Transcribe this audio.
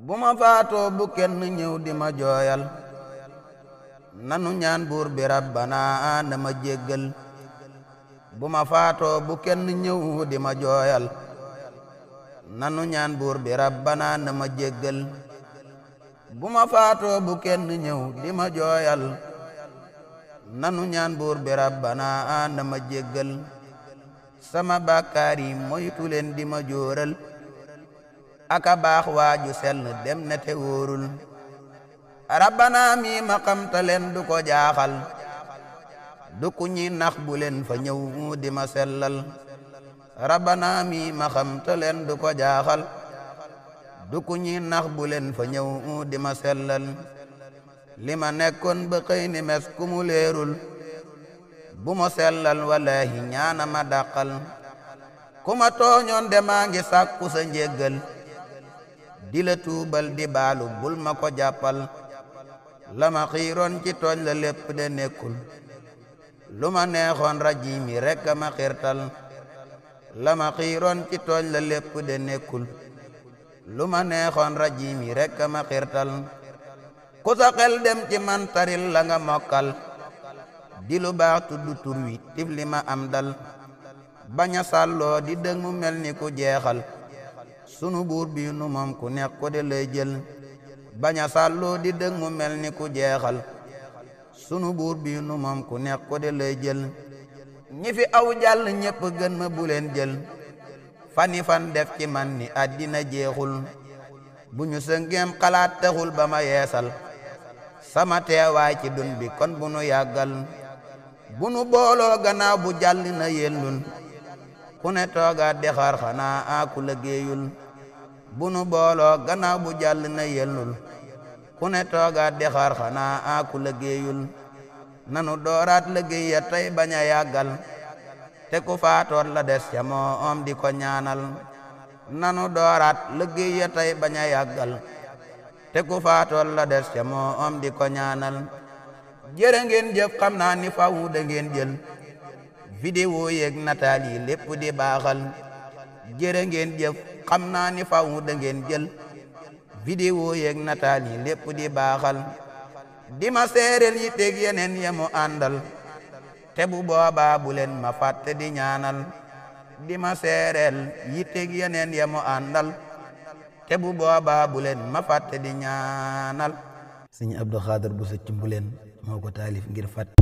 bu ma faatoo bu kenn ñëw di ma jooyal nanu ñaan buur bi rabbana na ma jéggal bu ma faatoo bu kenn ñëw di ma jooyal nanu ñaan buur bi rabbana na ma jéggal bu ma faatoo bu kenn ñëw di ma jooyal nanu ñaan buur bi rabbana na ma jéggal sama bàkkaar yi moytu leen di ma jóoral aka baax waaju sell dem na te wóorul rabbana mi maqamta leen du ko jaaxal du ku nax bu leen fa ñëw di ma sellal rabbana mi maqamta leen du ko jaaxal du ku nax bu leen fa ñëw di ma sellal li ma nekkoon ba xëy ni mes ku mu leerul bu ma sellal wallahi ñaana ma dàqal ku ma tooñoon de maa ngi sàkku sa njéggal di la tuubal di baalu bul ma ko jàppal la ma xiiroon ci tooñ la lépp de nekkul lu ma neexoon rajim yi rekk ma xirtal la ma xiiroon ci tooñ la lépp de nekkul lu ma neexoon rajim yi rekk ma xirtal ku dem ci man la nga mokkal di lu baax tuddu tur wi li ma am dal bañ a sàlloo di dëng mu mel ni ku jeexal sunu buur bii nu ku nekk ko lay jël baña sàlloo di dëgg mu mel ni ku jeexal sunu buur bii nu moom ku nekk ko lay jël ñi fi aw jàll ñépp gën ma bu jël fani fan def ci man ni àddina jeekul bu ñu sëngeem kalaat taxul ba ma yeesal sama teewaay ci dun bi kon bu nu yàggal bu nu booloo gannaaw bu jàll na yellun ku ne toogaat dexar xanaa a ku liggéeyul bu booloo gannaaw bu jàll na yelnul ku ne toogaat di xaar xanaa aaku liggéeyul nanu dooraat liggéey ya tey bañ a te ku faatoot la des ca moo om di ko ñaanal nanu dooraat liggéey ya tey bañ a te ku faatoot la des ca moo om di ko ñaanal jërë ngeen jëf naa ni faw da ngeen jël vidéo yeeg nataal yi lépp di baaxal jërë ngeen jëf xam naa ni faw da ngeen jël vidéo yeeg nataal yi lépp di baaxal di ma seereel yi teg yeneen ya mu àndal te bu boobaa ma fàtte di ñaanal di ma yi teg yeneen ya mu àndal te bu boobaa bu leen ma fàtte di ñaanal sëñ Abdou Khader bu sa cumbuleen moo ko ngir fàtt